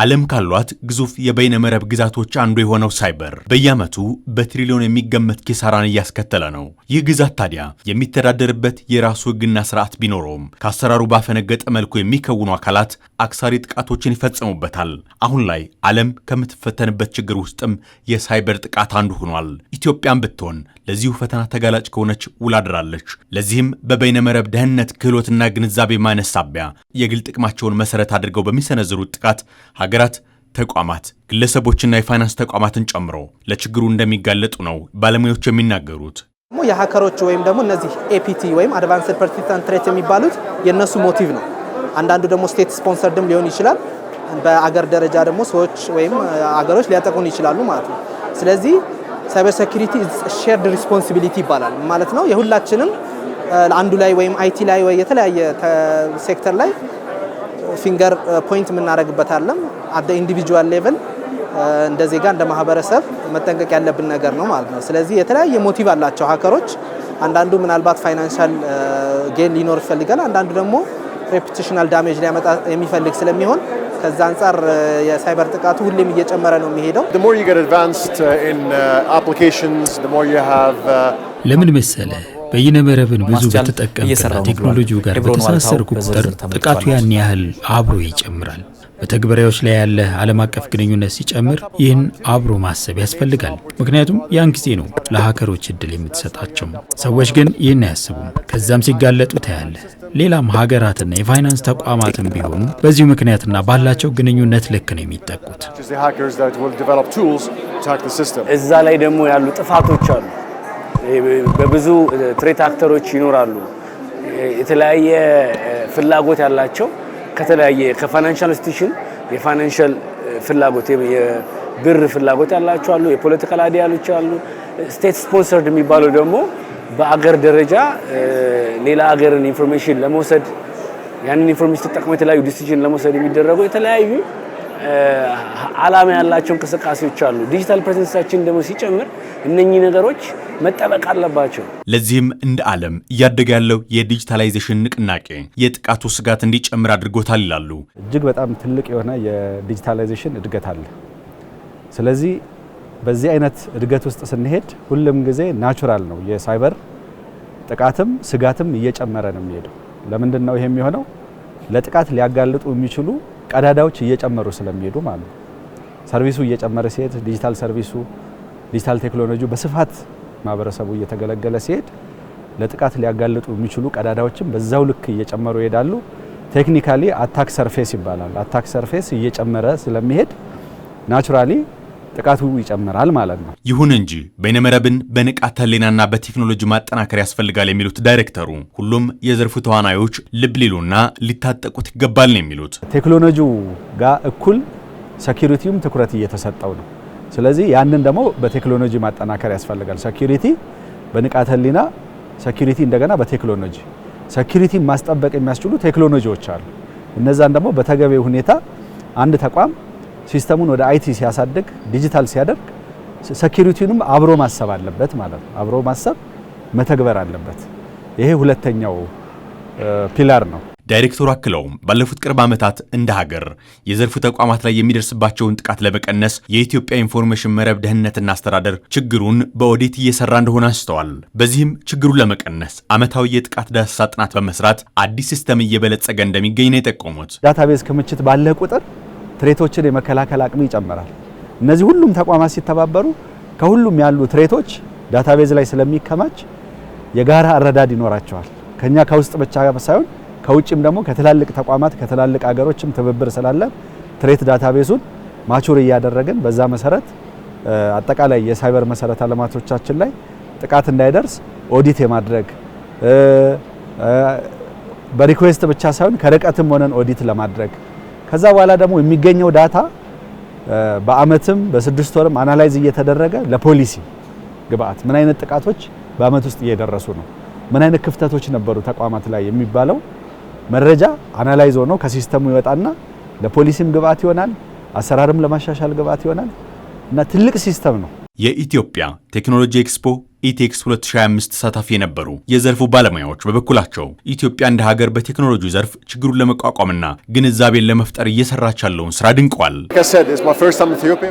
ዓለም ካሏት ግዙፍ የበይነመረብ ግዛቶች አንዱ የሆነው ሳይበር በየዓመቱ በትሪሊዮን የሚገመት ኪሳራን እያስከተለ ነው። ይህ ግዛት ታዲያ የሚተዳደርበት የራሱ ሕግና ስርዓት ቢኖረውም ከአሰራሩ ባፈነገጠ መልኩ የሚከውኑ አካላት አክሳሪ ጥቃቶችን ይፈጸሙበታል። አሁን ላይ ዓለም ከምትፈተንበት ችግር ውስጥም የሳይበር ጥቃት አንዱ ሆኗል። ኢትዮጵያን ብትሆን ለዚሁ ፈተና ተጋላጭ ከሆነች ውላድራለች። ለዚህም በበይነመረብ ደህንነት ክህሎትና ግንዛቤ ማነስ ሳቢያ የግል ጥቅማቸውን መሰረት አድርገው በሚሰነዝሩት ጥቃት ሀገራት ተቋማት ግለሰቦችና የፋይናንስ ተቋማትን ጨምሮ ለችግሩ እንደሚጋለጡ ነው ባለሙያዎች የሚናገሩት። የሀከሮች ወይም ደግሞ እነዚህ ኤፒቲ ወይም አድቫንስድ ፐርሲስተንት ትሬት የሚባሉት የእነሱ ሞቲቭ ነው። አንዳንዱ ደግሞ ስቴት ስፖንሰርድም ሊሆን ይችላል። በአገር ደረጃ ደግሞ ሰዎች ወይም አገሮች ሊያጠቁን ይችላሉ ማለት ነው። ስለዚህ ሳይበር ሴኩሪቲ ሼርድ ሪስፖንሲቢሊቲ ይባላል ማለት ነው። የሁላችንም አንዱ ላይ ወይም አይቲ ላይ ወይ የተለያየ ሴክተር ላይ ፊንገር ፖይንት uh, የምናደርግበት አለም አደ ኢንዲቪጁዋል ሌቨል እንደ ዜጋ እንደ ማህበረሰብ መጠንቀቅ ያለብን ነገር ነው ማለት ነው። ስለዚህ የተለያየ ሞቲቭ አላቸው ሀከሮች። አንዳንዱ ምናልባት ፋይናንሻል ጌን uh, ሊኖር ይፈልጋል፣ አንዳንዱ ደግሞ ሬፑቴሽናል ዳሜጅ ሊያመጣ የሚፈልግ ስለሚሆን ከዛ አንጻር uh, የሳይበር ጥቃቱ ሁሌም እየጨመረ ነው የሚሄደው። ለምን መሰለህ በይነ መረብን ብዙ በተጠቀምኩና ቴክኖሎጂው ጋር በተሳሰርኩ ቁጥር ጥቃቱ ያን ያህል አብሮ ይጨምራል። በተግበሪያዎች ላይ ያለ ዓለም አቀፍ ግንኙነት ሲጨምር ይህን አብሮ ማሰብ ያስፈልጋል። ምክንያቱም ያን ጊዜ ነው ለሀከሮች እድል የምትሰጣቸው። ሰዎች ግን ይህን አያስቡም። ከዛም ሲጋለጡ ታያለህ። ሌላም ሀገራትና የፋይናንስ ተቋማትን ቢሆኑ በዚሁ ምክንያትና ባላቸው ግንኙነት ልክ ነው የሚጠቁት። እዛ ላይ ደግሞ ያሉ ጥፋቶች አሉ። በብዙ ትሬት አክተሮች ይኖራሉ። የተለያየ ፍላጎት ያላቸው ከተለያየ ከፋይናንሻል ኢንስቲትዩሽን የፋይናንሻል ፍላጎት የብር ፍላጎት ያላቸው አሉ። የፖለቲካል አይዲያሎች አሉ። ስቴት ስፖንሰርድ የሚባለው ደግሞ በአገር ደረጃ ሌላ አገርን ኢንፎርሜሽን ለመውሰድ ያንን ኢንፎርሜሽን ተጠቅሞ የተለያዩ ዲሲዥን ለመውሰድ የሚደረጉ የተለያዩ አላማ ያላቸው እንቅስቃሴዎች አሉ። ዲጂታል ፕሬዘንሳችን ደግሞ ሲጨምር እነኚህ ነገሮች መጠበቅ አለባቸው። ለዚህም እንደ ዓለም እያደገ ያለው የዲጂታላይዜሽን ንቅናቄ የጥቃቱ ስጋት እንዲጨምር አድርጎታል ይላሉ። እጅግ በጣም ትልቅ የሆነ የዲጂታላይዜሽን እድገት አለ። ስለዚህ በዚህ አይነት እድገት ውስጥ ስንሄድ ሁሉም ጊዜ ናቹራል ነው የሳይበር ጥቃትም ስጋትም እየጨመረ ነው የሚሄደው። ለምንድን ነው ይሄ የሚሆነው? ለጥቃት ሊያጋልጡ የሚችሉ ቀዳዳዎች እየጨመሩ ስለሚሄዱ ማለት ነው። ሰርቪሱ እየጨመረ ሲሄድ ዲጂታል ሰርቪሱ ዲጂታል ቴክኖሎጂው በስፋት ማህበረሰቡ እየተገለገለ ሲሄድ ለጥቃት ሊያጋልጡ የሚችሉ ቀዳዳዎችም በዛው ልክ እየጨመሩ ይሄዳሉ። ቴክኒካሊ አታክ ሰርፌስ ይባላል። አታክ ሰርፌስ እየጨመረ ስለሚሄድ ናቹራሊ ጥቃቱ ይጨምራል ማለት ነው። ይሁን እንጂ በይነመረብን በንቃተ ህሊናና በቴክኖሎጂ ማጠናከር ያስፈልጋል የሚሉት ዳይሬክተሩ፣ ሁሉም የዘርፉ ተዋናዮች ልብ ሊሉና ሊታጠቁት ይገባል ነው የሚሉት። ቴክኖሎጂው ጋር እኩል ሴኪሪቲውም ትኩረት እየተሰጠው ነው። ስለዚህ ያንን ደግሞ በቴክኖሎጂ ማጠናከር ያስፈልጋል። ሰኪሪቲ በንቃተ ህሊና ሴኩሪቲ እንደገና በቴክኖሎጂ ሴኩሪቲ ማስጠበቅ የሚያስችሉ ቴክኖሎጂዎች አሉ። እነዛን ደግሞ በተገቢ ሁኔታ አንድ ተቋም ሲስተሙን ወደ አይቲ ሲያሳድግ ዲጂታል ሲያደርግ ሴኩሪቲንም አብሮ ማሰብ አለበት ማለት ነው። አብሮ ማሰብ መተግበር አለበት። ይሄ ሁለተኛው ፒላር ነው። ዳይሬክተሩ አክለው ባለፉት ቅርብ ዓመታት እንደ ሀገር የዘርፉ ተቋማት ላይ የሚደርስባቸውን ጥቃት ለመቀነስ የኢትዮጵያ ኢንፎርሜሽን መረብ ደህንነትና አስተዳደር ችግሩን በኦዲት እየሰራ እንደሆነ አንስተዋል። በዚህም ችግሩን ለመቀነስ ዓመታዊ የጥቃት ዳሰሳ ጥናት በመስራት አዲስ ሲስተም እየበለጸገ እንደሚገኝ ነው የጠቆሙት። ዳታቤዝ ክምችት ባለ ቁጥር ትሬቶችን የመከላከል አቅም ይጨምራል። እነዚህ ሁሉም ተቋማት ሲተባበሩ ከሁሉም ያሉ ትሬቶች ዳታቤዝ ላይ ስለሚከማች የጋራ አረዳድ ይኖራቸዋል። ከኛ ከውስጥ ብቻ ሳይሆን ከውጭም ደግሞ ከትላልቅ ተቋማት ከትላልቅ ሀገሮችም ትብብር ስላለ ትሬት ዳታቤዙን ማቹር እያደረግን በዛ መሰረት አጠቃላይ የሳይበር መሰረተ ልማቶቻችን ላይ ጥቃት እንዳይደርስ ኦዲት የማድረግ በሪኩዌስት ብቻ ሳይሆን ከርቀትም ሆነን ኦዲት ለማድረግ ከዛ በኋላ ደግሞ የሚገኘው ዳታ በአመትም በስድስት ወርም አናላይዝ እየተደረገ ለፖሊሲ ግብአት ምን አይነት ጥቃቶች በአመት ውስጥ እየደረሱ ነው፣ ምን አይነት ክፍተቶች ነበሩ ተቋማት ላይ የሚባለው መረጃ አናላይዝ ሆኖ ከሲስተሙ ይወጣና ለፖሊሲም ግብዓት ይሆናል፣ አሰራርም ለማሻሻል ግብዓት ይሆናል እና ትልቅ ሲስተም ነው። የኢትዮጵያ ቴክኖሎጂ ኤክስፖ ኢቴክስ 2025 ተሳታፊ የነበሩ የዘርፉ ባለሙያዎች በበኩላቸው ኢትዮጵያ እንደ ሀገር በቴክኖሎጂ ዘርፍ ችግሩን ለመቋቋምና ግንዛቤን ለመፍጠር እየሰራች ያለውን ስራ ድንቀዋል።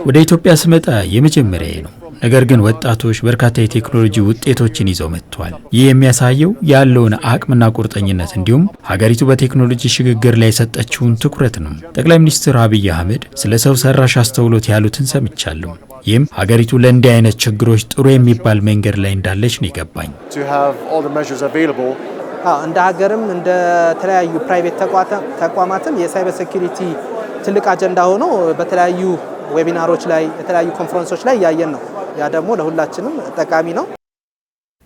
ወደ ኢትዮጵያ ስመጣ የመጀመሪያ ነው ነገር ግን ወጣቶች በርካታ የቴክኖሎጂ ውጤቶችን ይዘው መጥተዋል። ይህ የሚያሳየው ያለውን አቅምና ቁርጠኝነት እንዲሁም ሀገሪቱ በቴክኖሎጂ ሽግግር ላይ የሰጠችውን ትኩረት ነው። ጠቅላይ ሚኒስትር አብይ አህመድ ስለ ሰው ሰራሽ አስተውሎት ያሉትን ሰምቻለሁ። ይህም ሀገሪቱ ለእንዲህ አይነት ችግሮች ጥሩ የሚባል መንገድ ላይ እንዳለች ነው የገባኝ። እንደ ሀገርም እንደ ተለያዩ ፕራይቬት ተቋማትም የሳይበር ሴኩሪቲ ትልቅ አጀንዳ ሆኖ በተለያዩ ዌቢናሮች ላይ የተለያዩ ኮንፈረንሶች ላይ እያየን ነው። ያ ደግሞ ለሁላችንም ጠቃሚ ነው።